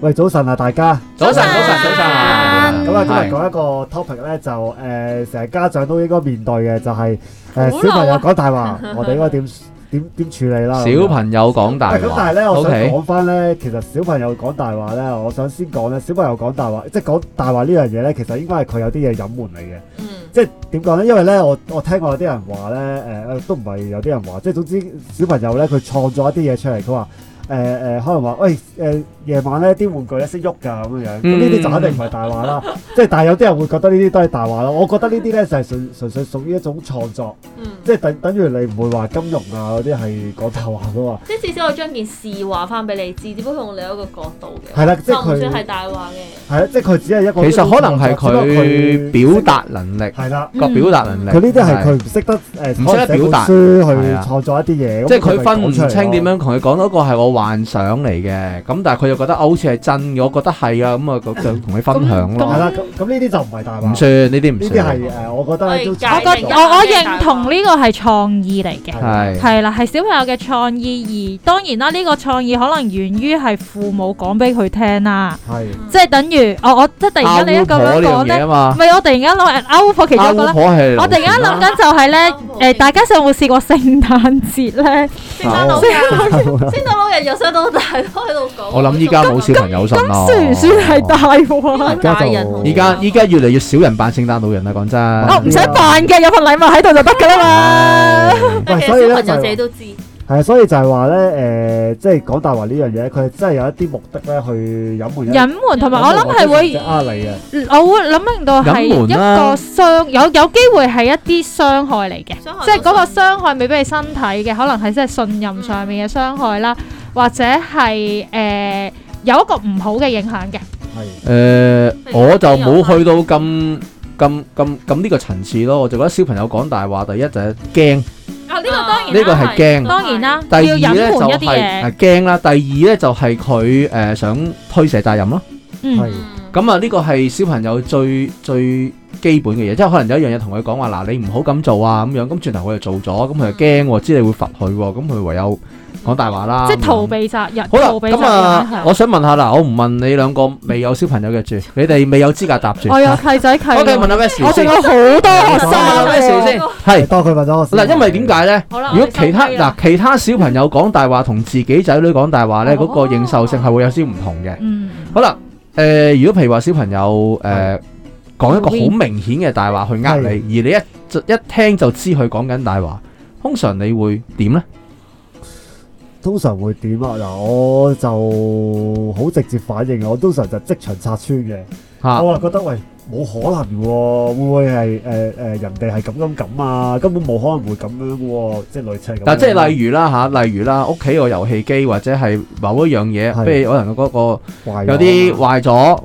喂，早晨啊，大家早晨早晨早晨。咁晨啊，嗯、是今日講一個 topic 咧，就、呃、誒，成家長都應該面對嘅就係、是、誒、呃、小朋友講大話， 我哋應該點點點處理啦。小朋友講大話咁，但係咧，Okay? 我想講翻咧，其實小朋友講大話咧，我想先講咧，小朋友講大話，即係講大話呢樣嘢咧，其實應該係佢有啲嘢隱瞞嚟嘅。嗯，即係點講咧？因為咧，我我聽過有啲人話咧，誒、呃、都唔係有啲人話，即係總之小朋友咧，佢創作一啲嘢出嚟，佢話誒誒，可能話喂誒。欸欸呃夜晚咧啲玩具咧識喐㗎咁樣樣，咁呢啲就肯定唔係大話啦。即係但係有啲人會覺得呢啲都係大話咯。我覺得呢啲咧就係純純粹屬於一種創作，即係等等於你唔會話金融啊嗰啲係講大話噶嘛。即係至少我將件事話翻俾你知，只不過用另一個角度嘅。係啦，即係就算係大話嘅。係啊，即係佢只係一個。其實可能係佢表達能力，係啦個表達能力。佢呢啲係佢唔識得誒，唔識得表達去創作一啲嘢。即係佢分唔清點樣同佢講嗰個係我幻想嚟嘅，咁但係佢又。覺得我好似係真嘅，我覺得係啊，咁啊就同你分享咯。咁咁呢啲就唔係大話。唔算呢啲唔算。呢啲係誒，我覺得咧都係我我我認同呢個係創意嚟嘅。係。係啦，係小朋友嘅創意，而當然啦，呢個創意可能源於係父母講俾佢聽啦。係。即係等於我我即係突然間你咁樣講咧。唔係我突然間攞人鴨火其中一個啦。鴨火係我突然間諗緊就係咧誒，大家有冇試過聖誕節咧？聖誕老人，聖誕老人由細到大都喺度講。我諗。依家冇小朋友咁咯，算唔算係大鑊啊？依家依家依家越嚟越少人扮聖誕老人啦，講真。我唔使扮嘅，有份禮物喺度就得噶啦嘛。唔係，所以咧就自己都知。係啊，所以就係話咧，誒，即係講大話呢樣嘢，佢真係有一啲目的咧去隱瞞隱瞞，同埋我諗係會啊嚟嘅。我會諗明到係一個傷，有有機會係一啲傷害嚟嘅。即係嗰個傷害未必係身體嘅，可能係即係信任上面嘅傷害啦。或者係誒有一個唔好嘅影響嘅，係誒我就冇去到咁咁咁咁呢個層次咯，我就覺得小朋友講大話，第一就係驚啊，呢個當然啦，呢個係驚，當然啦，要隱瞞一啲嘢。係驚啦，第二咧就係佢誒想推卸責任咯，嗯，係。咁啊，呢個係小朋友最最基本嘅嘢，即係可能有一樣嘢同佢講話，嗱你唔好咁做啊咁樣，咁轉頭佢就做咗，咁佢就驚，知你會罰佢，咁佢唯有講大話啦。即係逃避責任。好啦，逃避責任。咁啊，我想問下嗱，我唔問你兩個未有小朋友嘅住，你哋未有資格答住。我有契仔契。O K，問下咩，我仲有好多學生。咩先係多佢問多我。嗱，因為點解咧？如果其他嗱，其他小朋友講大話同自己仔女講大話咧，嗰個認受性係會有少唔同嘅。嗯。好啦。誒、呃，如果譬如話小朋友誒講、呃、 一個好明顯嘅大話去呃你， 而你一就一聽就知佢講緊大話，通常你會點呢？通常會點啊？嗱，我就好直接反應、啊，我通常就即場拆穿嘅。啊、我覺得：喂！冇可能喎，會唔會係誒誒人哋係咁咁咁啊？根本冇可能會咁樣喎、啊，即係類似咁、啊。但即係例如啦吓、啊，例如啦屋企個遊戲機或者係某一樣嘢，譬的如可能嗰個有啲壞咗，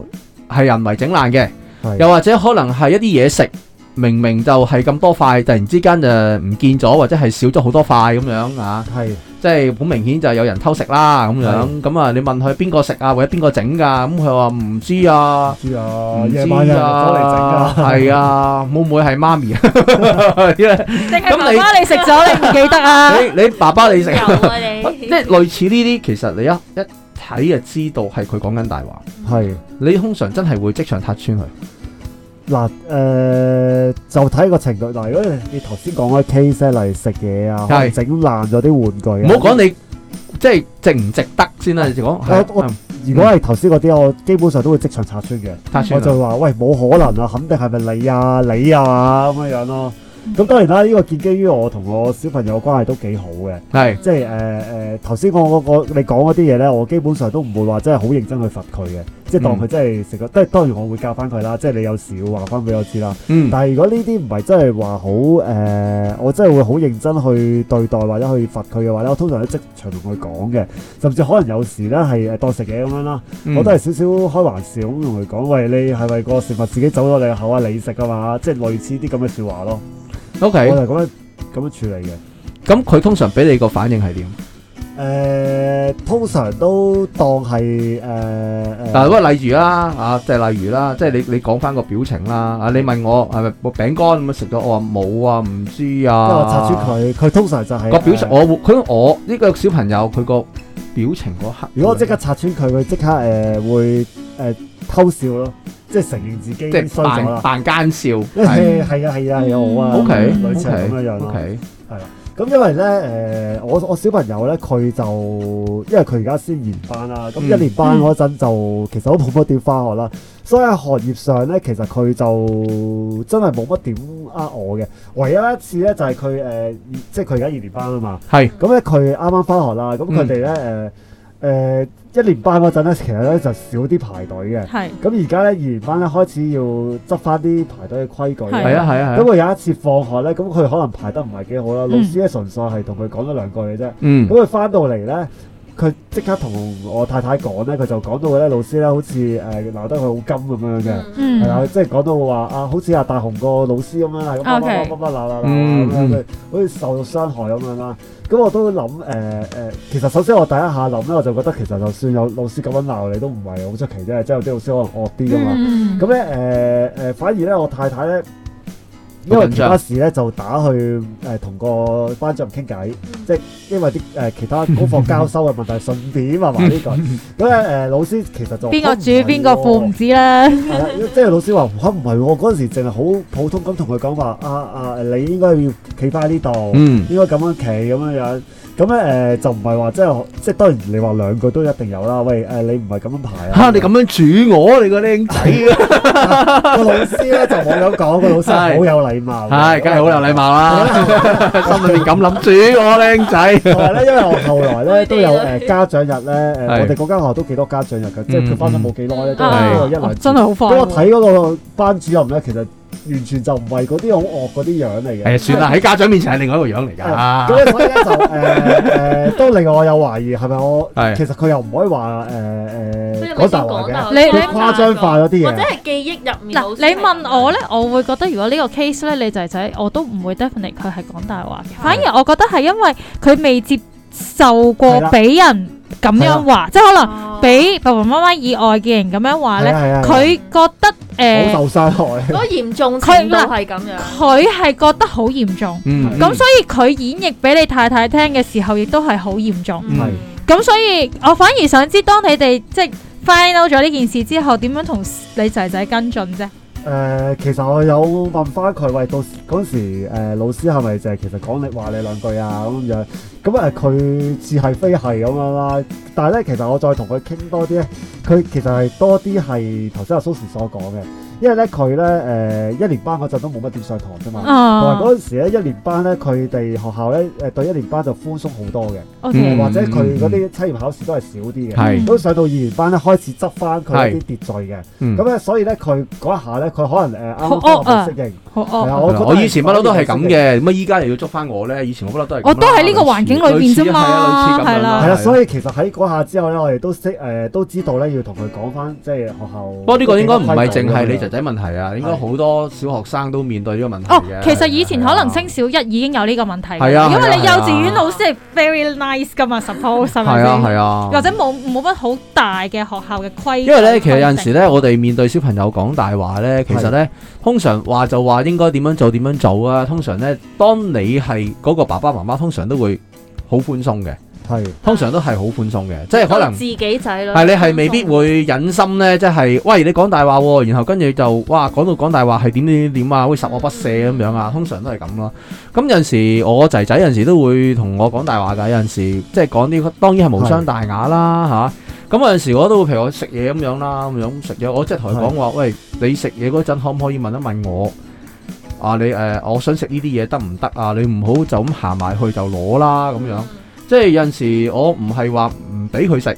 係了人為整爛嘅，的又或者可能係一啲嘢食。明明就係咁多塊，突然之間就唔見咗，或者係少咗好多塊咁樣啊？係，即係好明顯就有人偷食啦咁樣。咁啊，你問佢邊個食啊，或者邊個整噶？咁佢話唔知啊，唔知啊，夜班人攞嚟整噶。係啊，會唔會係媽咪啊？咁你，定係爸爸你食咗，你唔記得啊？你你爸爸你食啊？即係類似呢啲，其實你一一睇就知道係佢講緊大話。係，你通常真係會即場撻穿佢。嗱，誒、呃、就睇個程度。嗱，如果你頭先講開 case 嚟食嘢啊，整是爛咗啲玩具，唔好講你，你即係值唔值得先啦。你講，如果係頭先嗰啲，嗯、我基本上都會即場拆穿嘅。拆穿，我就話：喂，冇可能啊，肯定係咪你啊，你啊咁樣樣咯。咁當然啦，呢、這個建基於我同我小朋友嘅關係都幾好嘅，係是即係誒誒，頭、呃、先、呃、我嗰你講嗰啲嘢咧，我基本上都唔會話真係好認真去罰佢嘅，即係當佢真係食個，都係、嗯、當然我會教翻佢啦，即係你有時要話翻俾我知啦。嗯、但係如果呢啲唔係真係話好誒，我真係會好認真去對待或者去罰佢嘅話咧，我通常即場同佢講嘅，甚至可能有時咧係誒當食嘢咁樣啦，嗯、我都係少少開玩笑咁同佢講，喂，你係咪個食物自己走咗你口啊？你食㗎嘛？即係類似啲咁嘅説話咯。O Okay , K，我就咁樣咁樣處理嘅。咁佢通常俾你個反應係點？誒、呃，通常都當係誒誒。嗱、呃，呃、但不過例如啦，啊，即係例如啦，即係你你講翻個表情啦。啊，你問我係咪個餅乾咁啊？食咗，我話冇啊，唔知啊。即咁我拆穿佢，佢通常就係、是、個表情。呃、我佢我呢、這個小朋友佢個表情嗰刻，如果我即刻拆穿佢，佢即刻誒、呃、會誒。呃偷笑咯，即係承認自己即係扮奸笑，係係啊係啊係啊我啊，類似咁樣樣，係啦。咁因為咧，誒、呃，我我小朋友咧，佢就因為佢而家先年班啦，咁一年班嗰陣就、嗯、其實我都冇乜點翻學啦，所以喺學業上咧，其實佢就真係冇乜點呃我嘅。唯一一次咧，就係佢誒，即係佢而家二年班啊嘛，係咁咧，佢啱啱翻學啦，咁佢哋咧，誒、呃、誒。嗯一年班嗰陣咧，其實咧就少啲排隊嘅。係是，咁而家咧二年班咧開始要執翻啲排隊嘅規矩。係啊係啊，咁我、啊啊、有一次放學咧，咁佢可能排得唔係幾好啦，嗯、老師咧純粹係同佢講咗兩句嘅啫。嗯，咁佢翻到嚟咧。佢即刻同我太太講咧，佢就講到咧老師咧，好似誒鬧得佢好金咁樣嘅，係啊，即係講到話啊，好似阿大雄個老師咁樣，係咁噏噏噏噏噏咁樣，好似受傷害咁樣啦。咁我都諗誒誒，其實首先我第一下諗咧，我就覺得其實就算有老師咁樣鬧你都唔係好出奇啫，即係有啲老師可能惡啲噶嘛。咁咧誒誒，反而咧我太太咧。因為其他時咧就打去誒同、呃、個班主任傾偈，即係因為啲誒、呃、其他功課交收嘅問題，順便 啊嘛呢個。咁樣誒老師其實就邊個主邊個負唔知啦。 即係老師話：唔係，嗰陣、啊、時淨係好普通咁同佢講話。阿、啊、阿、啊、你應該要企翻呢度，嗯、應該咁樣企咁樣樣。咁咧誒就唔係話即係即係當然你話兩句都一定有啦。喂誒你唔係咁樣排啊！嚇你咁樣煮我，你個僆仔。個老師咧就冇咁講，個老師好有禮貌，係梗係好有禮貌啦。心裏面咁諗煮我僆仔。同埋咧，因為我後來咧都有誒家長日咧誒，我哋嗰間學校都幾多家長日嘅，即係佢翻咗冇幾耐咧，都係一嚟。真係好快。咁我睇嗰個班主任咧，其實。完全就唔係嗰啲好惡嗰啲樣嚟嘅。誒、哎、算啦，喺的家長面前係另外一個樣嚟㗎。咁咧、啊、 就誒誒、呃呃，都令我有懷疑係咪我？的其實佢又唔可以、呃、是是話誒誒，講大話你誇張化咗啲嘢。或者係記憶入面你問我咧，我會覺得如果呢個 case 咧，你就係仔，我都唔會 definitely 佢係講大話嘅。的反而我覺得係因為佢未接受過俾人。咁樣話，即係可能俾爸爸媽媽以外嘅人咁樣話咧，佢覺得誒，好受傷害，好嚴重。佢都係咁樣，佢係覺得好嚴重。嗯，咁所以佢演繹俾你太太聽嘅時候，亦都係好嚴重。係，咁所以我反而想知，當你哋即係發現到咗呢件事之後，點樣同你仔仔跟進啫？誒，其實我有問翻佢，為到嗰時誒，老師係咪就係其實講你話你兩句啊？咁樣。咁啊，佢似係非係咁樣啦，但係咧，其實我再同佢傾多啲咧，佢其實係多啲係頭先阿蘇 sir 所講嘅，因為咧佢咧誒一年班嗰陣都冇乜點上堂啫嘛，同埋嗰陣時咧一年班咧佢哋學校咧誒、呃、對一年班就寬鬆好多嘅，Okay. 或者佢嗰啲測驗考試都係少啲嘅，是都上到二年班咧開始執翻佢啲秩序嘅，咁咧、嗯嗯嗯、所以咧佢嗰一下咧佢可能誒啱啱開始。呃剛剛哦我以前乜都都係咁嘅，乜依家又要捉翻我咧？以前我乜都都係。我都喺呢個環境裏邊啫嘛。係啊，類似咁樣啦。係啦，所以其實喺嗰下之後咧，我哋都識誒，都知道咧要同佢講翻，即係學校。不過呢個應該唔係淨係你仔仔問題啊，應該好多小學生都面對呢個問題。其實以前可能升小一已經有呢個問題。係啊，因為你幼稚園老師係 very nice 㗎嘛，suppose 係啊係啊。或者冇冇乜好大嘅學校嘅規。因為咧，其實有陣時咧，我哋面對小朋友講大話咧，其實咧通常話就話。應該點樣做？點樣做啊？通常呢，當你係嗰個爸爸媽媽，通常都會好寬鬆嘅，係是通常都係好寬鬆嘅，即係可能自己仔咯，係你係未必會忍心呢，即、就、係、是、喂，你講大話，然後跟住就哇講到講大話係點點點點啊，會十惡不赦咁樣啊，通常都係咁咯。咁有陣時我仔仔有陣時都會同我講大話㗎，有陣時即係講啲當然係無傷大雅啦嚇。咁是、啊、有陣時我都會譬如我食嘢咁樣啦，咁樣食嘢，我即係同佢講話，是喂，你食嘢嗰陣可唔可以問一問我？啊！你誒、呃，我想食呢啲嘢得唔得啊？你唔好就咁行埋去就攞啦咁樣。即係有陣時我，的是我唔係話唔俾佢食，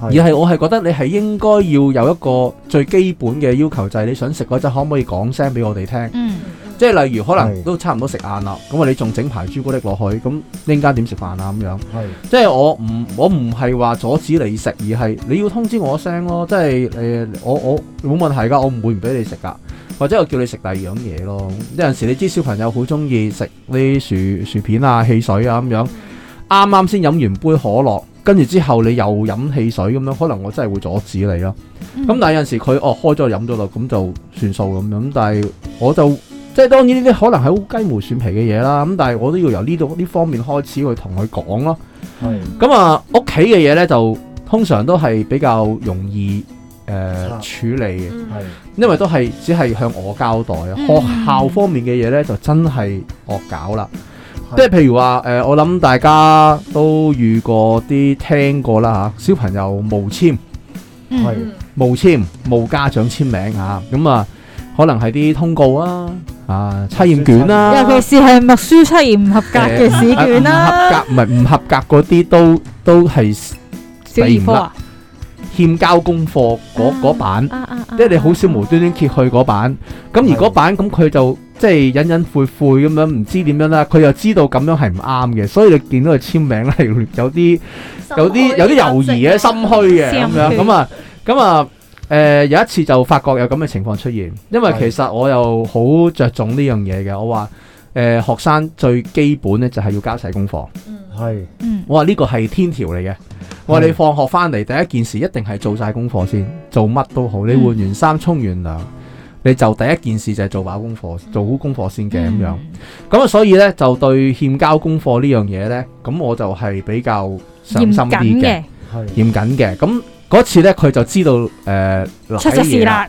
而係我係覺得你係應該要有一個最基本嘅要求，就係、是、你想食嗰陣，可唔可以講聲俾我哋聽？嗯、即係例如可能都差唔多食晏啦，咁的你仲整排朱古力落去，咁陣間點食飯啊？咁樣的即係我唔我唔係話阻止你食，而係你要通知我一聲咯。即係誒、呃，我我冇問題㗎，我唔會唔俾你食㗎。或者我叫你食第二樣嘢咯，有陣時你知小朋友好中意食啲薯薯片啊、汽水啊咁樣，啱啱先飲完杯可樂，跟住之後你又飲汽水咁樣，可能我真係會阻止你咯。咁、嗯、但係有陣時佢哦開咗飲咗啦，咁就算數咁樣。但係我就即係當然呢啲可能係好雞毛蒜皮嘅嘢啦。咁但係我都要由呢度呢方面開始去同佢講咯。係咁、嗯嗯、啊，屋企嘅嘢呢，就通常都係比較容易。誒，處理嘅，係，因為都係只係向我交代，學校方面嘅嘢咧，就真係惡搞啦。即係譬如話，誒，我諗大家都遇過啲聽過啦吓，小朋友無簽，係，無簽，無家長簽名吓，咁啊，可能係啲通告啊，啊，測驗卷啦，尤其是係默書測驗唔合格嘅試卷啦，唔合唔係唔合格嗰啲都都係，小二科。欠交功課嗰版，即係你好少無端端揭去嗰版。咁、uh, uh, uh, uh. 而嗰版咁佢就即係隱隱晦晦咁樣，唔知點樣啦。佢又知道咁樣係唔啱嘅，所以你見到佢簽名咧係 有啲有啲有啲猶疑嘅、心虛嘅咁樣。咁啊咁啊誒，有、uh, uh, uh, 一次就發覺有咁嘅情況出現，因為其實我又好着重呢樣嘢嘅。我話誒、uh, 學生最基本咧就係要交晒功課，係、嗯， 我話呢個係天條嚟嘅。我話、嗯、你放學翻嚟，第一件事一定係做晒功課先，做乜都好，你換完衫、沖完涼，你就第一件事就係做飽功課，做好功課先嘅，咁、嗯、樣。咁啊，所以呢，就對欠交功課呢樣嘢呢，咁我就係比較上心啲嘅，嚴謹嘅。嚴謹嘅。咁嗰的次呢，佢就知道誒、呃、出咗事啦。呃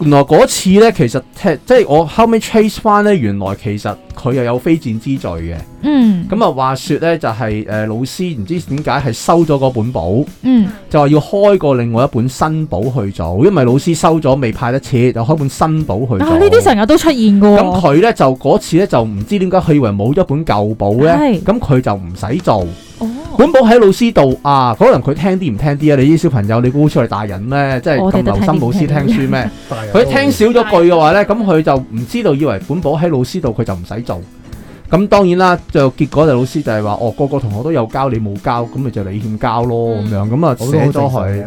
原來嗰次呢，其實即係我後尾 trace 翻，呢，原來其實佢又有非戰之罪嘅。嗯，咁啊，話說呢就係、是、誒、呃、老師唔知點解係收咗嗰本簿，嗯，就話要開過另外一本新簿去做，因為老師收咗未派得切，就開本新簿去做。啊，呢啲成日都出現嘅。咁佢呢，就嗰次呢，就唔知點解，佢以為冇咗本舊簿呢，咁佢是就唔使做。哦本簿喺老師度啊，可能佢聽啲唔聽啲啊？你啲小朋友，你估出嚟大人咩？即係咁留心老師聽書咩？佢 聽少咗句嘅話呢，咁佢就唔知道，以為本簿喺老師度，佢就唔使做。咁當然啦，就結果就老師就係話：哦，個個同學都有交，你冇交，咁咪就，就你欠交咯咁、嗯、樣。咁啊寫咗佢。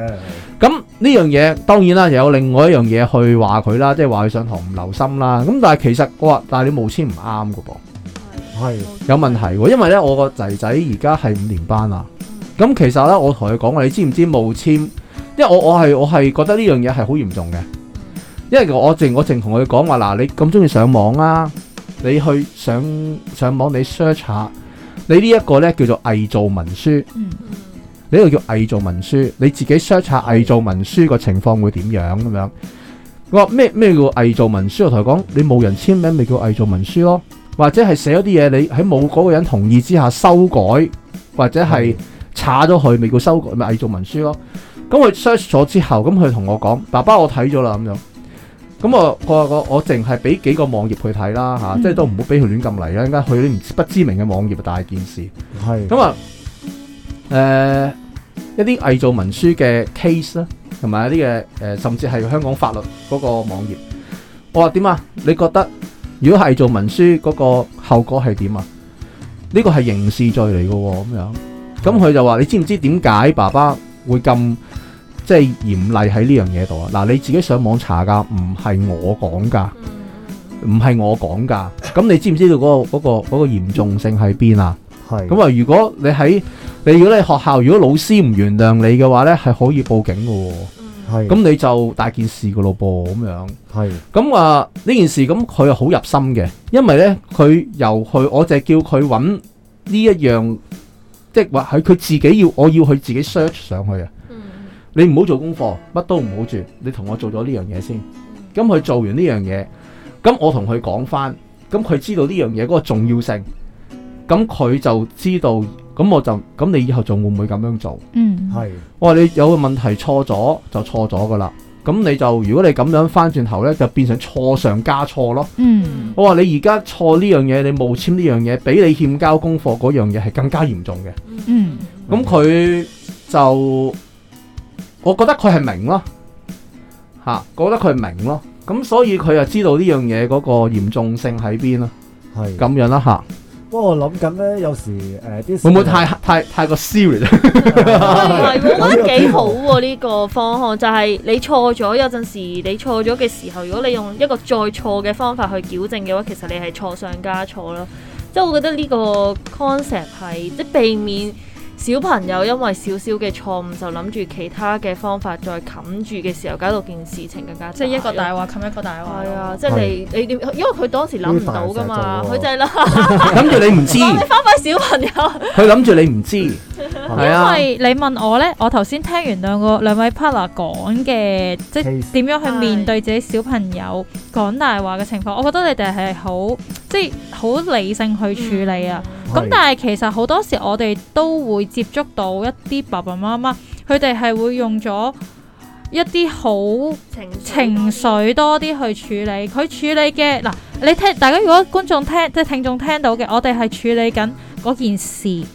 咁呢 樣嘢當然啦，又有另外一樣嘢去話佢啦，即係話佢上堂唔留心啦。咁但係其實我話，但係你冇簽唔啱噶噃。係有問題，因為咧我個仔仔而家係五年班啦。咁其實咧，我同佢講話，你知唔知冇簽？因為我我係我係覺得呢樣嘢係好嚴重嘅。因為我我，因為我正我正同佢講話，嗱，你咁中意上網啊？你去上上網，你 search 下，你呢一個咧叫做偽造文書。你呢個叫偽造文書，你自己 search 下偽造文書個情況會點樣咁樣？我話咩咩叫偽造文書？我同佢講，你冇人簽名咪叫偽造文書咯。或者係寫咗啲嘢，你喺冇嗰個人同意之下修改，或者係查咗佢，未叫修改咪偽造文書咯？咁佢 search 咗之後，咁佢同我講：爸爸我我，我睇咗啦咁樣。咁我我我我淨係俾幾個網頁佢睇啦，嚇，即係都唔好俾佢亂咁嚟啦，應該去啲唔知、不知名嘅網頁啊，大件事。係是。咁啊，誒、呃、一啲偽造文書嘅 case 啦，同埋一啲嘅誒，甚至係香港法律嗰個網頁。我話點啊？你覺得？如果係做文書嗰個後果係點啊？呢個係刑事罪嚟噶，咁樣。咁佢就話：你知唔知點解爸爸會咁即係嚴厲喺呢樣嘢度啊？嗱，你自己上網查噶，唔係我講噶，唔係我講噶。咁你知唔知道嗰個嗰個嗰個嚴重性喺邊啊？係。咁啊，如果你喺你如果你學校如果老師唔原諒你嘅話咧，係可以報警噶。係，咁你就大件事噶咯噃，咁樣。係，咁啊呢件事咁佢係好入心嘅，因為咧佢由佢，我就叫佢搵呢一樣，即係話係佢自己要，我要佢自己 search 上去啊。嗯，你唔好做功課，乜都唔好做，你同我做咗呢樣嘢先。咁佢做完呢樣嘢，咁我同佢講翻，咁佢知道呢樣嘢嗰個重要性，咁佢就知道。咁我就咁，你以後仲會唔會咁樣做？嗯，係。我話你有個問題錯咗就錯咗噶啦，咁你就如果你咁樣翻轉頭呢，就變成錯上加錯咯。嗯，我話你而家錯呢樣嘢，你冇簽呢樣嘢，比你欠交功課嗰樣嘢係更加嚴重嘅。嗯，咁佢就我覺得佢係明咯，吓，覺得佢係明咯，咁所以佢又知道呢樣嘢嗰個嚴重性喺邊咯。係是，咁樣啦吓。不過我諗緊咧，有時誒啲會唔會太太太過 serious 唔係喎，我覺得幾好喎呢個方向，就係你錯咗有陣時，你錯咗嘅時候，如果你用一個再錯嘅方法去矯正嘅話，其實你係錯上加錯啦。即係我覺得呢個 concept 係即係避免。 小朋友因為少少嘅錯誤就諗住其他嘅方法再冚住嘅時候，搞到件事情更加，即係一個大話冚一個大話。係啊的，即係你你點？因為佢當時諗唔到㗎嘛，佢就係諗，諗住你唔知。翻返小朋友，佢諗住你唔知。因為你問我呢。我頭先聽完兩個兩位 partner 講嘅，即係點樣去面對自己小朋友講大話嘅情況，的我覺得你哋係好。即係好理性去處理啊！咁、嗯、但係其實好多時我哋都會接觸到一啲爸爸媽媽，佢哋係會用咗一啲好情緒多啲去處理。佢處理嘅，嗱，你聽大家，如果觀眾聽，即係聽眾聽到嘅，我哋係處理緊嗰件事，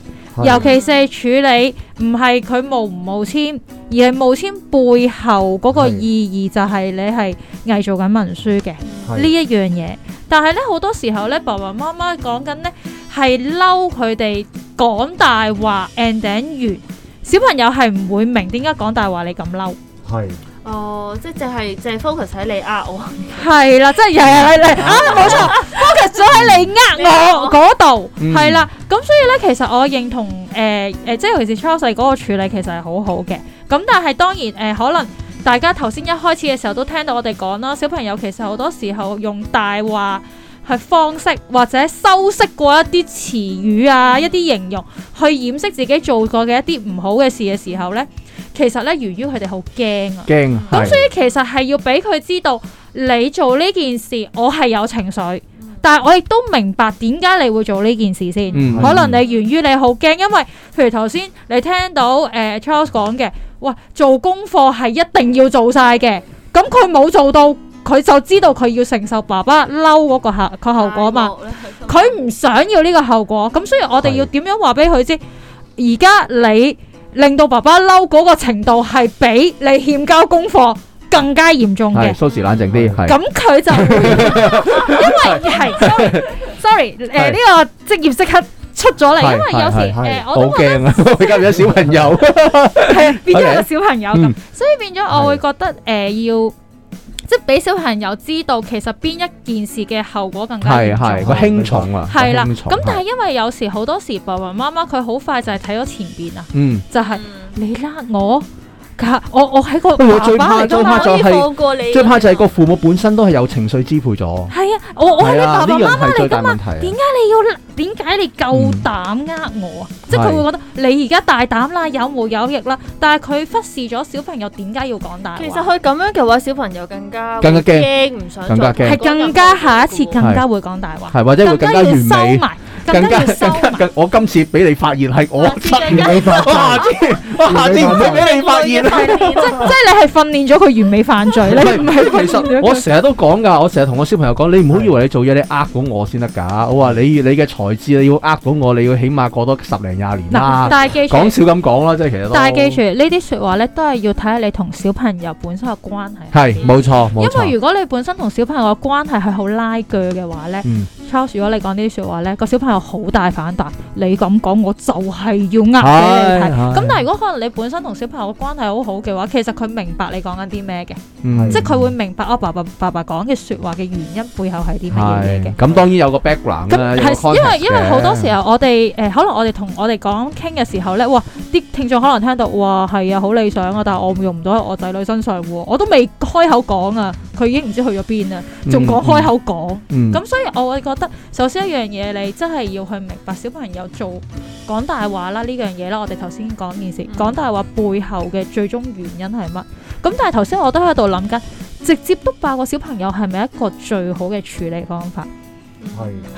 尤其是處理唔係佢冒唔冒簽，而係冒簽背後嗰個意義，就係你係偽造緊文書嘅呢一樣嘢。但係咧好多時候咧，爸爸媽媽講緊咧係嬲佢哋講大話 and then, 完，小朋友係唔會明點解講大話你咁嬲。哦、oh，即係淨係淨係 focus 喺你呃我，係啦，即係日日喺你，啊冇錯，focus 咗喺你呃我嗰度，係啦、嗯，咁所以咧，其實我認同誒誒，即、呃、係尤其是 Charles 嗰個處理其實係好好嘅，咁但係當然誒、呃，可能大家頭先一開始嘅時候都聽到我哋講啦，小朋友其實好多時候用大話去方式或者修飾過一啲詞語啊，嗯、一啲形容去掩飾自己做過嘅一啲唔好嘅事嘅時候咧。其實呢，源於佢哋好驚啊！驚，咁所以其實係要俾佢知道，你做呢件事，我係有情緒，但係我亦都明白點解你會做呢件事先。可能你源於你好驚，因為譬如頭先你聽到誒 Charles 講嘅，哇，做功課係一定要做晒嘅，咁佢冇做到，佢就知道佢要承受爸爸嬲嗰個後個後果嘛。佢唔想要呢個後果，咁所以我哋要點樣話俾佢知？而家你。令到爸爸嬲嗰個程度係比你欠交功課更加嚴重嘅，舒時冷靜啲。咁佢就會，因為係，sorry，誒呢個職業即刻出咗嚟，因為有時誒我都驚變咗小朋友，變咗個小朋友咁，所以變咗我會覺得誒要。即係俾小朋友知道，其實邊一件事嘅後果更加嚴重，個輕重啊，係啦的。咁的但係因為有時好的多時爸爸媽媽佢好快就係睇咗前邊啊，嗯、就係你呃我。我我喺個爸爸咁樣可以放過你。最怕就係個父母本身都係有情緒支配咗。係啊，我我係你爸爸媽媽嚟㗎嘛，點解你要點解、嗯、你夠膽呃我啊？即係佢會覺得你而家大膽啦，有毛有，有翼啦，但係佢忽視咗小朋友點解要講大話。其實佢咁樣嘅話，小朋友更加更加驚唔想再係更，更加下一次更加會講大話，係是或者會更，加更加要收埋。更加更更，我今次俾你發現係我完美犯罪，我下次唔會俾你發現即即係你係訓練咗佢完美犯罪咧。唔係，其實我成日都講噶，我成日同我小朋友講，你唔好以為你做嘢你呃到我先得㗎。我話你你嘅才智你要呃到我，你要起碼過多十零廿年啦。但係記住，講少咁講啦，即係其實。但係記住呢啲説話咧，都係要睇下你同小朋友本身嘅關係。係冇錯，因為如果你本身同小朋友嘅關係係好拉鋸嘅話咧，如果咗你講呢啲説話咧，個小朋友好大反彈。你咁講，我就係要呃你睇。咁唉但係如果可能你本身同小朋友嘅關係好好嘅話，其實佢明白你講緊啲咩嘅，嗯、即係佢會明白阿爸爸爸爸講嘅説話嘅原因背後係啲乜嘢嘅。咁當然有個 background 啦個咁係因為因為好多時候我哋誒、呃、可能我哋同我哋講傾嘅時候咧，哇啲聽眾可能聽到哇係啊好理想啊，但係我用唔到喺我仔女身上，我都未開口講啊。佢已經唔知去咗邊啦，仲講開口講，咁、嗯嗯、所以我會覺得，首先一樣嘢，你真係要去明白小朋友做講大話啦呢樣嘢啦。我哋頭先講件事，講大話背後嘅最終原因係乜？咁但係頭先我都喺度諗緊，直接督爆個小朋友係咪一個最好嘅處理方法？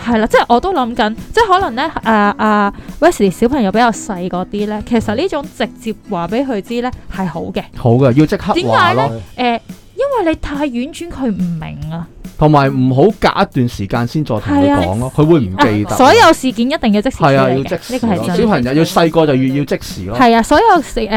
係係啦，即係我都諗緊，即係可能呢，阿阿 Wesley 小朋友比較細嗰啲呢，其實呢種直接話俾佢知呢係好嘅，好嘅，要即刻點解咧？誒的。呃因為你太婉轉，佢唔明啊。同埋唔好隔一段時間先再同佢講咯，佢會唔記得。所有事件一定要即時。係啊，要即時。呢個係重要。小朋友要細個就越要即時咯。係啊，所有事誒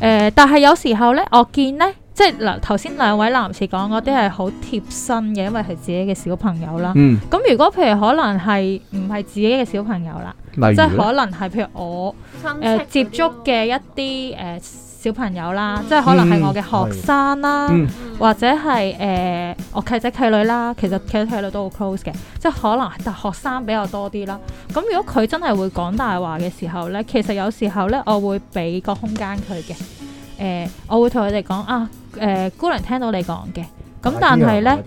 誒，但係有時候咧，我見咧，即係嗱，頭先兩位男士講嗰啲係好貼身嘅，因為係自己嘅小朋友啦。嗯。咁如果譬如可能係唔係自己嘅小朋友啦，即係可能係譬如我誒接觸嘅一啲誒。小朋友啦，即係可能係我嘅學生啦，嗯嗯、或者係誒、呃、我契仔契女啦，其實契仔契女都好 close 嘅，即係可能係但學生比較多啲啦。咁如果佢真係會講大話嘅時候呢，其實有時候呢、呃，我會俾個空間佢嘅。誒，我會同佢哋講啊，誒、呃、姑娘聽到你講嘅。.咁但係咧，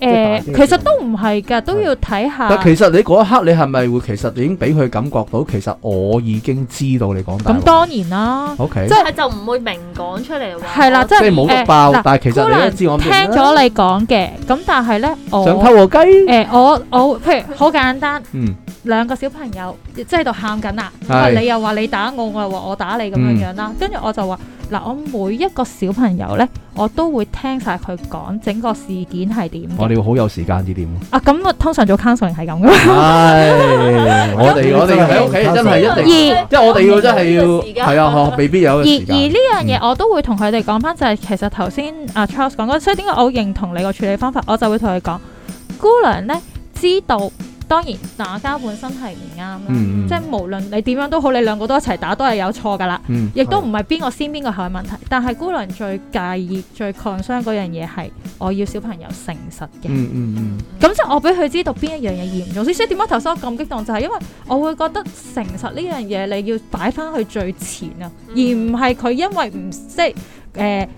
誒，其實都唔係噶，都要睇下。其實你嗰一刻，你係咪會其實已經俾佢感覺到，其實我已經知道你講。咁當然啦，OK，即係就唔會明講出嚟。係啦，即係冇得爆。但係其實你聽咗你講嘅，咁但係咧，我想偷和雞。誒，我我譬如好簡單。嗯。兩個小朋友即喺度喊緊啦，你又話你打我，我又話我打你咁樣樣啦。跟住我就話嗱，我每一個小朋友咧，我都會聽晒佢講整個事件係點。我哋會好有時間啲點啊？咁通常做 counseling 係咁嘅。我哋我哋喺屋企真係一定，即我哋要真係要係啊，未必有。而而呢樣嘢我都會同佢哋講翻就係，其實頭先阿 Charles 講過，所以點解我認同你個處理方法，我就會同佢講，姑娘咧知道。當然，打交本身係唔啱，即係無論你點樣都好，你兩個都一齊打都係有錯噶啦。嗯、亦都唔係邊個先邊個後嘅問題。但係姑娘最介意、最抗傷嗰樣嘢係我要小朋友誠實嘅。咁即係我俾佢知道邊一樣嘢嚴重先。所以點解頭先我咁激動就係、是、因為我會覺得誠實呢樣嘢你要擺翻去最前啊，而唔係佢因為唔識。誒，唔、呃、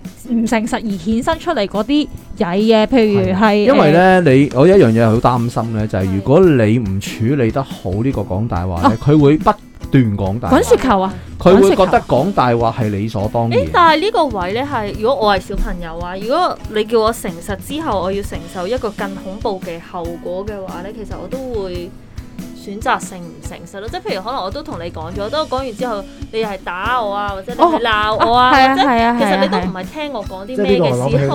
誠實而衍生出嚟嗰啲曳嘢，譬如係因為咧，呃、你我一樣嘢好擔心咧，就係、是、如果你唔處理得好呢個講大話咧，佢的會不斷講大話滾雪球啊！佢會覺得講大話係理所當然。但係呢個位咧，係如果我係小朋友啊，如果你叫我誠實之後，我要承受一個更恐怖嘅後果嘅話咧，其實我都會。選擇性唔誠實咯，即係譬如可能我都同你講咗，我都講完之後，你又係打我啊，或者你鬧我啊，哦、啊或者、啊啊啊啊、其實你都唔係聽我講啲咩嘅事我起我。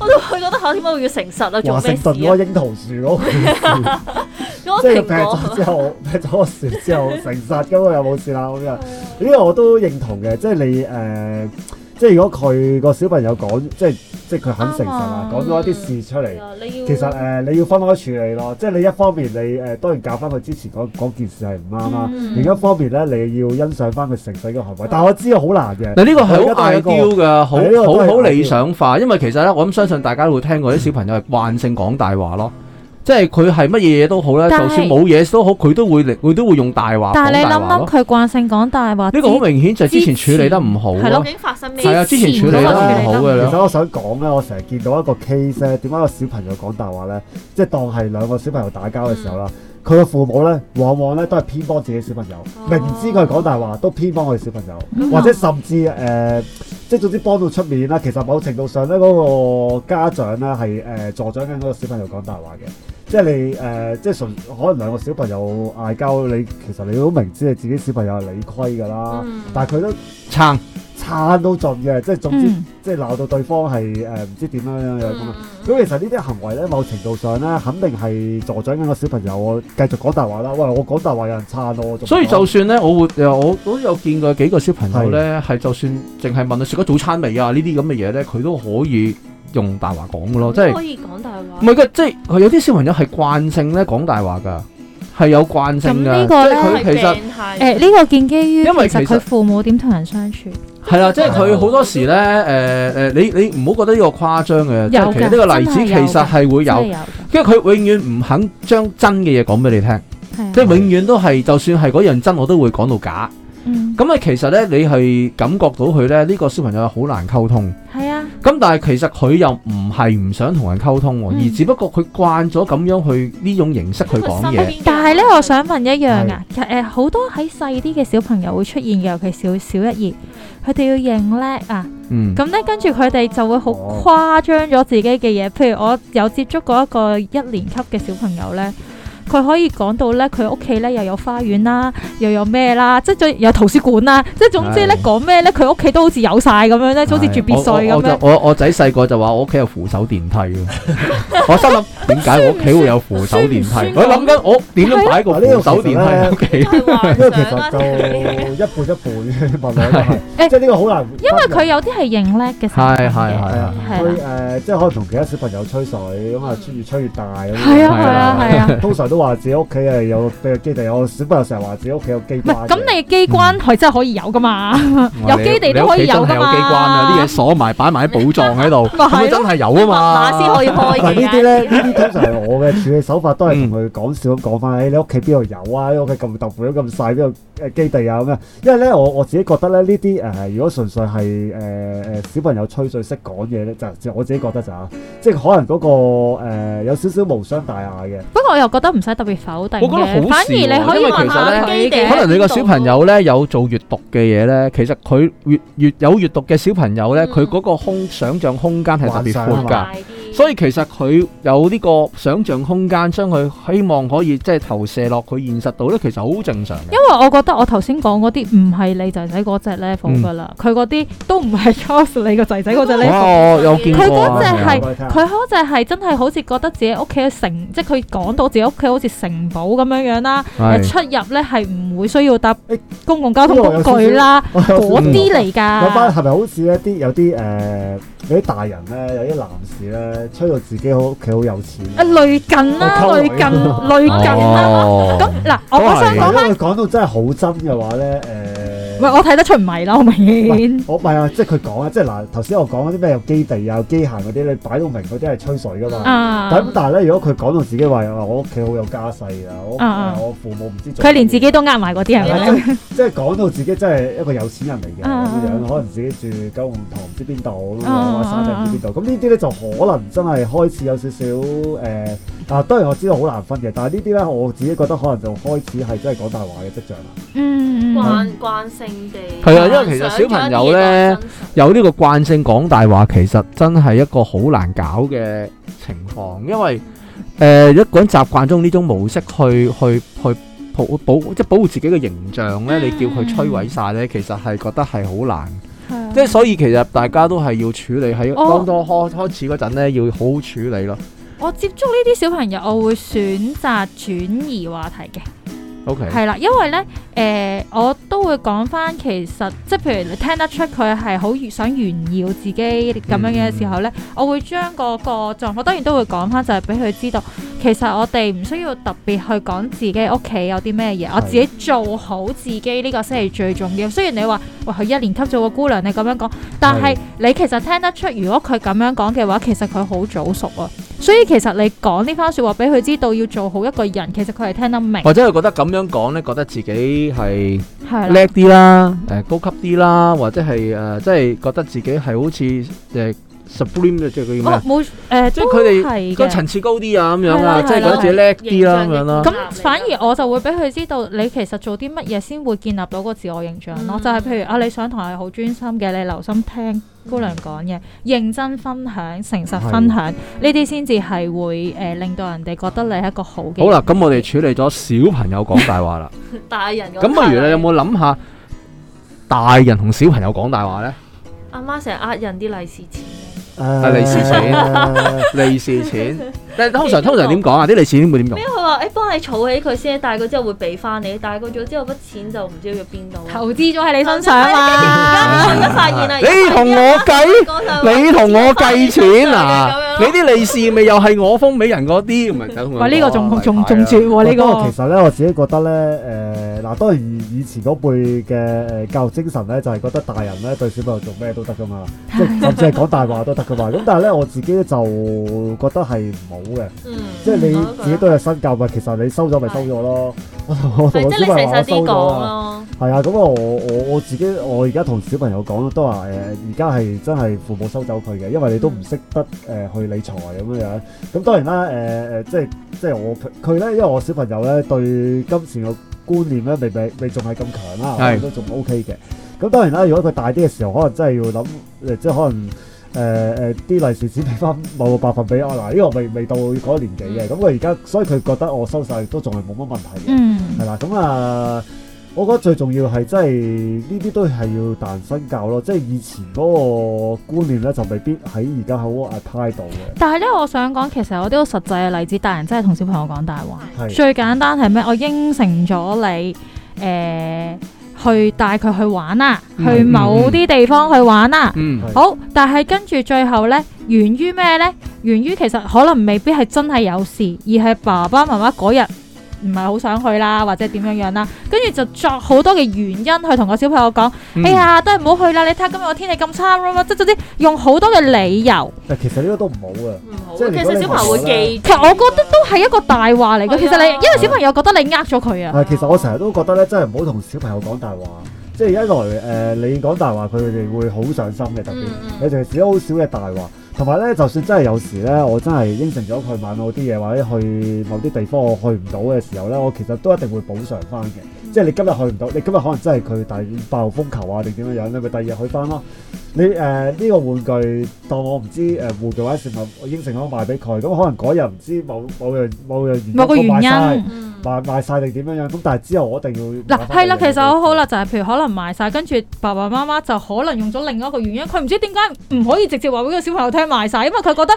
我都會覺得嚇，點解要誠實啊？話誠實開櫻桃樹嗰 即係劈咗之後，劈咗個事之後，誠實咁我又冇事啦。咁啊，呢個我都認同嘅，即係你誒。呃即係如果佢個小朋友講，即係即係佢肯誠實啦，講咗、嗯、一啲事出嚟，要其實誒、呃、你要分開處理咯。即係你一方面你誒、呃、當然教翻佢之前講件事係唔啱啦，嗯、另一方面咧你要欣賞翻佢誠實嘅行為。但係我知道好難嘅。嗱呢個係好大個，係好理想化，嗯、因為其實咧，我諗相信大家會聽過啲小朋友係慣性講大話咯。即係佢係乜嘢嘢都好啦，就算冇嘢都好，佢對都會佢都會用大話講，但係你諗諗，啊，佢慣性講大話。呢個好明顯就之前處理得唔好。係咯，係啊，之前處理得唔好嘅。其實我想講咧，我成日見到一個 case 咧，點解個小朋友講大話咧？即係、嗯、當係兩個小朋友打交嘅時候啦，佢嘅父母咧，往往咧都係偏幫自己小朋友，明知佢講大話，都偏幫我哋小朋友，哦、或者甚至誒，即、呃、係總之幫到出面啦。其實某程度上咧，嗰個家長咧係誒助長緊嗰個小朋友講大話嘅。即係你誒、呃，即係純可能兩個小朋友嗌交，你其實你都明知你自己小朋友係理虧㗎啦，嗯、但係佢都撐撐都盡嘅，即係總之、嗯、即係鬧到對方係誒唔知點樣樣樣咁啊！咁、嗯、其實呢啲行為咧，某程度上咧，肯定係助長緊個小朋友繼續講大話啦。喂，我講大話，有人撐我，所以就算咧，我會我都有，有見過幾個小朋友咧，係是是就算淨係問佢食咗早餐未啊呢啲咁嘅嘢咧，佢都可以。用大話講嘅咯，即係可以講大話。唔係噶，即係有啲小朋友係慣性咧講大話噶，係有慣性噶。咁呢個咧，其實誒呢、欸這個建基於，其實佢父母點同人相處係啦、啊，即係佢好多時咧，誒、呃、誒，你你唔好覺得呢個誇張嘅，的其實呢個例子其實係會有，跟住佢永遠唔肯將真嘅嘢講俾你聽，的的即係永遠都係，的就算係嗰樣真，我都會講到假。嗯，咁啊，其實咧你係感覺到佢咧呢、這個小朋友係好難溝通。咁但係其實佢又唔係唔想同人溝通，嗯、而只不過佢慣咗咁樣去呢種形式去講嘢。嗯、但係呢，我想問一樣啊，誒，好多喺細啲嘅小朋友會出現嘅，尤其是小、小一二，佢哋要認叻啊。嗯。咁呢，跟住佢哋就會好誇張咗自己嘅嘢。譬如我有接觸過一個一年級嘅小朋友呢，佢可以講到咧，佢屋企咧又有花園啦，又有咩啦，即係再有圖書館啦，即係總之咧講咩咧，佢屋企都好似有晒咁樣咧，好似住別墅咁樣。我我仔細個就話：我屋企有扶手電梯。我心諗點解我屋企會有扶手電梯？佢諗緊我點樣擺個呢個手電梯喺屋企，因為其實就一半一半問即係呢個好難。因為佢有啲係認叻嘅，係係係。佢誒即係可以同其他小朋友吹水，咁啊越吹越大咁啊係啊係啊，通常都。話自己屋企啊有秘密基地，我小朋友成日話自己屋企有機關。咁你機關係真係可以有噶嘛？有基地都可以有機關？你屋企都有機關啊？啲嘢鎖埋，擺埋啲寶藏喺度，咁真係有啊嘛？密碼先可以開。呢啲咧，呢啲通常係我嘅處理手法，都係同佢講笑咁講翻。誒，你屋企邊度有啊？屋企咁大款咁細，邊度誒基地啊？咁樣，因為咧，我我自己覺得咧，呢啲誒，如果純粹係誒誒小朋友吹水式講嘢咧，就就我自己覺得就嚇，即係可能嗰個誒有少少無傷大雅嘅。不過我又覺得唔。特別否定，我覺得好事啊，反而你可以話的因為其實呢，可能你個小朋友呢有做閱讀嘅嘢呢，其實佢越越有閱讀嘅小朋友呢，佢嗰的、嗯、個想空想象空間係特別闊噶。所以其實佢有呢個想像空間，將佢希望可以即係投射落佢現實度咧，其實好正常嘅。因為我覺得我頭先講嗰啲唔係你仔仔嗰隻 level 噶啦，佢嗰啲都唔係 cross 你個仔仔嗰隻 level 哦，我又見過佢嗰隻係佢嗰隻係真係好似覺得自己屋企嘅城，即係佢講到自己屋企好似城堡咁樣樣啦，的出入咧係唔會需要搭公共交通工具啦，嗰啲嚟㗎。嗰班係咪好似咧啲有啲誒有啲、呃、大人咧，有啲男士咧？吹到自己屋企好有錢。啊，類近啦，累近，累近啦、啊。咁嗱、哦，我想講返，講到真係好真嘅話咧，誒、呃。唔係我睇得出唔係啦，好明顯。我唔係啊，即係佢講啊，即係嗱頭先我講嗰啲咩有基地啊，有機械嗰啲，你擺到明嗰啲係吹水噶嘛。咁、啊、但係咧，如果佢講到自己話我屋企好有家世啊，我父母唔知做，佢連自己都呃埋嗰啲人啦。即係講到自己真係一個有錢人嚟嘅樣，啊、可能自己住九龍塘唔知邊度咁樣話山頂唔知邊度。咁呢啲咧就可能真係開始有少少誒啊！當然我知道好難分嘅，但係呢啲咧我自己覺得可能就開始係真係講大話嘅跡象啦。嗯，是慣慣性係啊，因為其實小朋友咧有呢個慣性講大話，其實真係一個好難搞嘅情況。因為誒、呃，一個人習慣中呢種模式去去去保保即係保護自己嘅形象咧，嗯、你叫佢摧毀晒咧，其實係覺得係好難。即係的所以，其實大家都係要處理喺當初開開始嗰陣咧，哦、要好好處理咯。我接觸呢啲小朋友，我會選擇轉移話題嘅。係啦，Okay. 因為咧，誒、呃，我都會講翻，其實即係譬如你聽得出佢係好想炫耀自己咁樣嘅時候咧，嗯、我會將嗰個狀況，我當然都會講翻，就係俾佢知道，其實我哋唔需要特別去講自己屋企有啲咩嘢，是我自己做好自己呢個先係最重要。雖然你話，哇，佢一年級做個姑娘，你咁樣講，但係你其實聽得出，如果佢咁樣講嘅話，其實佢好早熟啊。所以其實你講呢番說話，俾佢知道要做好一個人，其實佢係聽得明。或者佢覺得咁樣講呢，覺得自己係叻啲啦，誒高級啲啦，或者係誒即係覺得自己係好似。Supreme 就著佢要。哦，冇誒，即係佢哋個層次高啲啊，咁樣啊，即係覺得自己叻啲啦，咁樣啦。咁反而我就會俾佢知道，你其實做啲乜嘢先會建立到個自我形象咯。就係譬如啊，你上堂係好專心嘅，你留心聽姑娘講嘢，認真分享、誠實分享呢啲先至係會誒，令到人哋覺得你係一個好嘅。好啦，咁我哋處理咗小朋友講大話啦，大人咁，不如你有冇諗下大人同小朋友講大話咧？阿媽成日呃人啲利是錢。啊利是錢，利是錢。通常通常點講啊？啲利錢會點用？咩？佢話：誒，幫你儲起佢先，大個之後會俾翻你。大個咗之後，筆錢就唔知去邊度。投資咗喺你身上啊嘛！而家咧發現啦！你同我計，你同我計錢啊！你啲利是咪又係我封俾人嗰啲？唔係真㗎。喂，呢個仲仲仲絕喎！呢個不過其實咧，我自己覺得咧，誒嗱，當然以前嗰輩嘅教育精神咧，就係覺得大人咧對小朋友做咩都得噶嘛，即係甚至係講大話都得噶嘛。咁但係咧，我自己咧就覺得係冇。嘅，嗯、即係你自己都有新教嘛，嗯、其實你收咗咪收咗咯。的我小我頭先都話收咗啦。係啊的，咁啊、嗯，我我我自己，我而家同小朋友講都話，誒而家係真係父母收走佢嘅，因為你都唔識得誒去、呃、理財咁樣樣。咁當然啦，誒、呃、誒，即係即係我佢咧，因為我小朋友咧對金錢嘅觀念咧，未未未仲係咁強啦，都仲的 OK 嘅。咁當然啦，如果佢大啲嘅時候，可能真係要諗，誒即係可能。誒誒啲利是錢俾翻某個百分比我嗱，呢個未未到嗰年紀嘅，咁我而家所以佢覺得我收晒都仲係冇乜問題嘅，係啦、嗯。咁啊、呃，我覺得最重要係真係呢啲都係要大人身教咯，即係以前嗰個觀念咧就未必喺而家好啊態度嘅。但係咧，我想講其實有啲好實際嘅例子，大人真係同小朋友講大話，是的 最簡單係咩？我應承咗你，誒、呃。去帶佢去玩啦，啊，嗯，去某啲地方去玩啦，啊。嗯，好，但係跟住最後呢，源於咩呢？源於其實可能未必係真係有事，而係爸爸媽媽嗰日。唔係好想去啦，或者點樣樣啦，跟住就作好多嘅原因去同個小朋友講，嗯、哎呀，都係唔好去啦！你睇下今日個天氣咁差，即係嗰啲用好多嘅理由。其實呢個都唔好啊，好即係其實小朋友會記。其實我覺得都係一個大話嚟嘅，其實，嗯、其實你因為小朋友覺得你呃咗佢啊。其實我成日都覺得咧，真係唔好同小朋友講大話，嗯、即係一來誒，你講大話佢哋會好上心嘅，特別你仲係講好少嘅大話。同埋咧，就算真係有時咧，我真係應承咗佢買某啲嘢，或者去某啲地方我去唔到嘅時候咧，我其實都一定會補償翻嘅。即係你今日去唔到，你今日可能真係佢第二日暴風球啊，定點樣樣咧？咪第二日去翻咯。你誒呢個玩具，當我唔知誒玩具玩嘅時候，我應承咗賣俾佢。咁可能嗰日唔知某某樣某樣原因賣晒，賣賣晒定點樣樣。咁但係之後我一定要嗱，係啦，其實好好啦，就係譬如可能賣晒，跟住爸爸媽媽就可能用咗另一個原因。佢唔知點解唔可以直接話俾個小朋友聽賣曬，因為佢覺得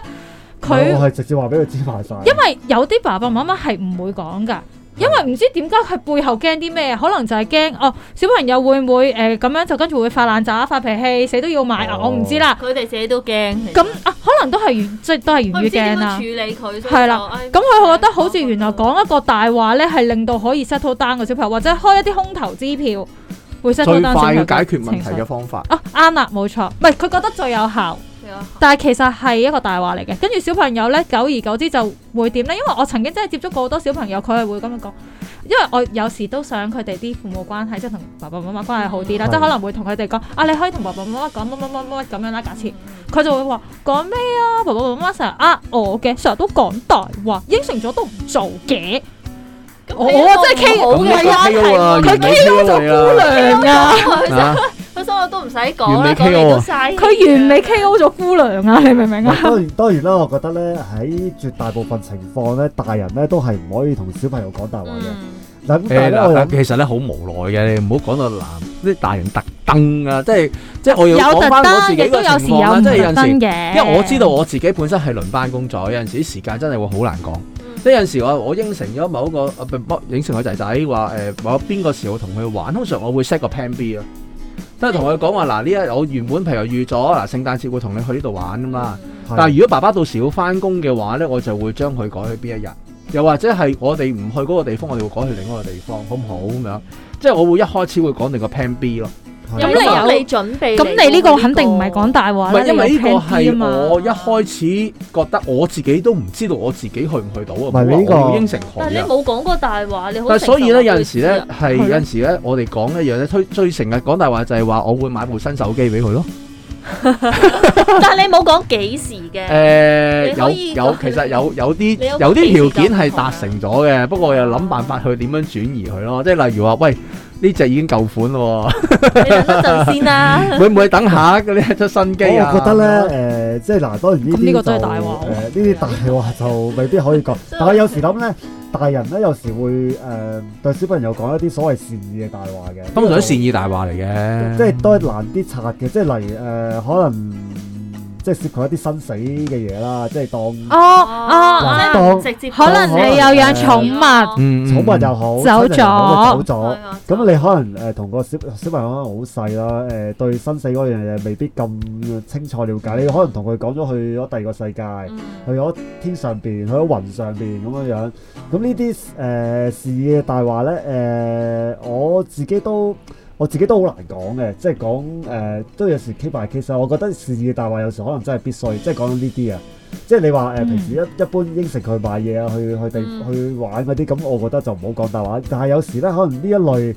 佢係直接話俾佢知賣曬。因為有啲爸爸媽媽係唔會講㗎。因為唔知點解佢背後驚啲咩，可能就係驚哦小朋友會唔會誒咁、呃、樣就跟住會發爛渣、發脾氣，死都要買啊！哦、我唔知啦。佢哋寫自己都驚咁、嗯、啊，可能都係即係都係源於驚啦。處理佢。係啦，咁佢覺得好似原來講一個大話咧，係令到可以 settle down 個小朋友，或者開一啲空頭支票會 settle down 小朋友。最快解決問題嘅方法、嗯、啊啱啦，冇錯，唔係佢覺得最有效。但係其實係一個大話嚟嘅，跟住小朋友呢，久而久之就會點呢？因為我曾經真係接觸過好多小朋友，佢係會咁樣講，因為我有時都想佢哋啲父母關係即係同爸爸媽媽關係好啲啦，的即係可能會同佢哋講啊，你可以同爸爸媽媽講乜乜乜乜咁樣啦。假設佢就會話講咩啊？爸爸媽媽成日呃我嘅，成日都講大話，應承咗都唔做嘅、哦。我真係傾我嘅啊，佢唔係做姑娘啊。所以我都唔使講啦，佢完美 K.O. 咗姑娘啊！你明唔明啊？當然當然啦，我覺得咧喺絕大部分情況咧，大人咧都係唔可以同小朋友講大話嘅。嗱咁但係咧，其實咧好無奈嘅，你唔好講到難啲。大人特登啊，即係即係我要講翻我自己個情況，即係有陣時，因為我知道我自己本身係輪班工作，有陣時啲時間真係會好難講。即係有陣時我我應承咗某一個應承個仔仔話誒，我邊個時候同佢玩？通常我會 set 個 plan B 咯。即係同佢講話嗱，呢一、啊這個、我原本譬如預咗嗱，聖、啊、誕節會同你去呢度玩噶嘛。但係如果爸爸到時要翻工嘅話呢，我就會將佢改去邊一日，又或者係我哋唔去嗰個地方，我哋會改去另外一個地方，好唔好咁樣？即係我會一開始會講你個 plan B 咯。咁你有你準備？咁你呢個肯定唔係講大話啦。唔係因為呢個係我一開始覺得我自己都唔知道我自己去唔去到啊。唔係呢個要應承可。但係你冇講過大話，你好。但係所以咧，有陣時咧係有陣時咧，我哋講一樣咧，推最成日講大話就係話我會買部新手機俾佢咯。但係你冇講幾時嘅？誒，有有其實有有啲有啲條件係達成咗嘅，不過又諗辦法去點樣轉移佢咯。即係例如話，喂。呢隻已經舊款咯喎， 你等陣先啦。 會唔會等下嗰啲出新機啊？我覺得咧，誒、呃，即係嗱，當然呢啲呢個都係大話。誒、呃，呢啲大話就未必可以講。 但係有時諗咧，大人咧有時會誒、呃、對小朋友講一啲所謂善意嘅大話嘅，通常都係啲善意大話嚟嘅、就是。即係都係難啲拆嘅，即係例如誒，可能。即係涉及一啲生死嘅嘢啦，即係當哦，可能直接可能你有養寵物，呃、寵物又好走咗走咗，咁你可能誒同、呃、個小小朋友可能好細啦，誒、呃、對生死嗰樣嘢未必咁清楚了解，你可能同佢講咗去咗第二個世界，嗯、去咗天上邊，去咗雲上邊咁樣樣，咁、呃、呢啲誒事嘅大話咧，誒、呃、我自己都。我自己都好難講嘅，即係講誒都有時 case by case 啊。我覺得善意嘅大話有時可能真係必須，即係講緊呢啲啊。即係你話誒、呃、平時一一般應承佢買嘢啊，去去地去玩嗰啲，咁我覺得就唔好講大話。但係有時咧，可能呢一類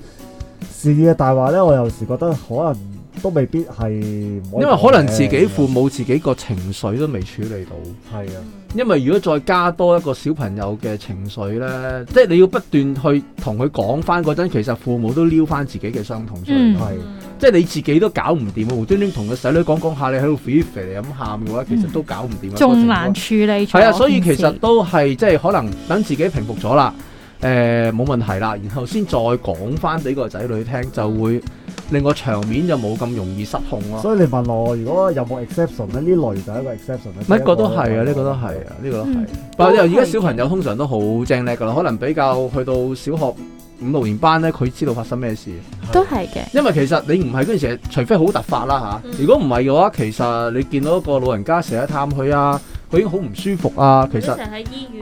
善意嘅大話咧，我有時覺得可能。都未必係，因為可能自己父母自己個情緒都未處理到。係是啊，因為如果再加多一個小朋友嘅情緒呢，即係你要不斷去同佢講翻嗰陣，其實父母都撩翻自己嘅傷痛出嚟。係、嗯是，即係你自己都搞唔掂，無端端同個仔女講講下，你喺度肥肥咁喊嘅話，其實都搞唔掂。仲、嗯、難處理。係啊，所以其實都係即係可能等自己平復咗啦，誒、呃，冇問題啦，然後先再講翻俾個仔女聽就會。令個場面就冇咁容易失控咯、啊。所以你問我，如果有冇 exception 咧？呢類就係一個 exception 啦。呢個都係啊，呢個都係啊，呢、嗯、個都係、啊。不過你又而家小朋友通常都好精叻噶啦，可能比較去到小學五六年班咧，佢知道發生咩事都係嘅。因為其實你唔係嗰陣時，除非好突發啦吓、啊，如果唔係嘅話，其實你見到一個老人家成日探佢啊。佢已經好唔舒服啊！其實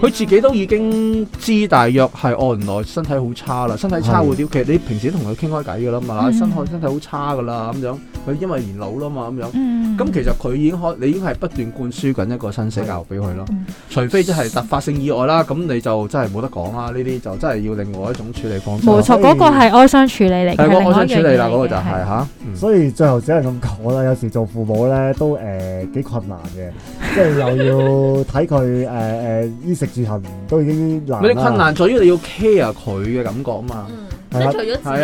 佢自己都已經知，大約係按、哦、原來身體好差啦。身體差會點？其實的你平時同佢傾開偈㗎啦嘛。身康、嗯、身體好差噶啦，咁樣佢因為年老啦嘛，咁樣。咁、嗯、其實佢已經開，你已經係不斷灌輸緊一個生死教育俾佢咯。嗯、除非真係突發性意外啦，咁你就真係冇得講啦。呢啲就真係要另外一種處理方式。冇錯，嗰以個係哀傷處理嚟，係的另外嘅哀傷處理啦，嗰、那個就係、是、嚇。的嗯、所以最後只係咁講啦。有時做父母咧都誒幾、呃、困難嘅，即係又要。 要睇佢誒誒衣食住行都已經難啦。唔係啲困難在於你要 care 佢嘅感覺啊嘛。嗯，係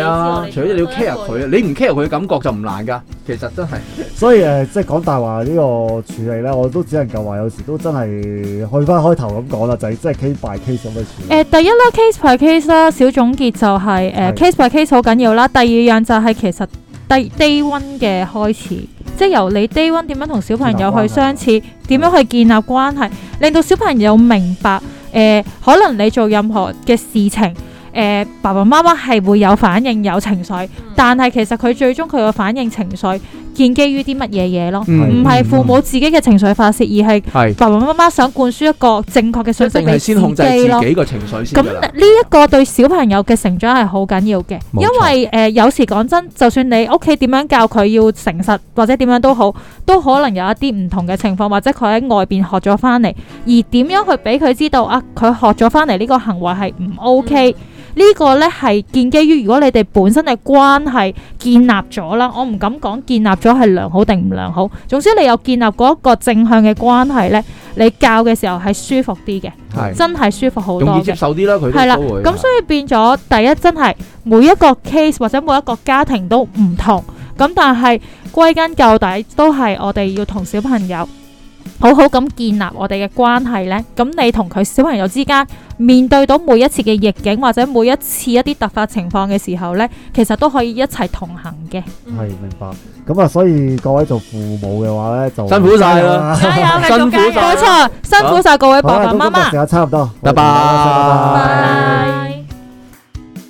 啊，嗯、除咗、啊、你要 care 佢，嗯、你唔 care 佢嘅感覺就唔難噶。其實真係。所以誒、呃，即係講大話呢個處理咧，我都只能夠話有時都真係去翻開頭咁講啦，就係即係 case by case 咁去處理。誒、呃，第一啦，case by case 啦，小總結就係、是、誒、呃、的，case by case 好緊要啦。第二樣就係其實第 day one 嘅開始。即係由你 day one 點樣同小朋友去相處，點樣去建立關係，令到小朋友明白，誒、呃、可能你做任何嘅事情，誒、呃、爸爸媽媽係會有反應有情緒。但係其實佢最終佢個反應情緒建基於啲乜嘢嘢咯？唔係、嗯、父母自己嘅情緒發泄，嗯、而係爸爸媽，媽媽想灌輸一個正確嘅信息俾自己咯，先控制自己嘅情緒先。咁呢一個對小朋友嘅成長係好緊要嘅，冇錯、因為誒、呃、有時講真，就算你屋企點樣教佢要誠實或者點樣都好，都可能有一啲唔同嘅情況，或者佢喺外邊學咗翻嚟，而點樣去俾佢知道啊？佢學咗翻嚟呢個行為係唔 OK、嗯。呢個呢係建基於如果你哋本身嘅關係建立咗啦，我唔敢講建立咗係良好定唔良好。總之你有建立嗰一個正向嘅關係呢，你教嘅時候係舒服啲嘅，真係舒服好多，容易接受啲啦。佢係啦，咁所以變咗第一真係每一個 case 或者每一個家庭都唔同咁，但係歸根究底都係我哋要同小朋友。好好咁建立我哋嘅關係呢。咁你同佢小朋友之間面對到每一次嘅逆境或者每一次一啲突發情況嘅時候呢，其實都可以一齊同行嘅。係、嗯、明白，咁啊，所以各位做父母嘅話呢，就辛苦晒啦，辛苦晒，冇錯，辛苦晒，各位爸爸媽媽。好啦、啊，時間差唔多，拜拜。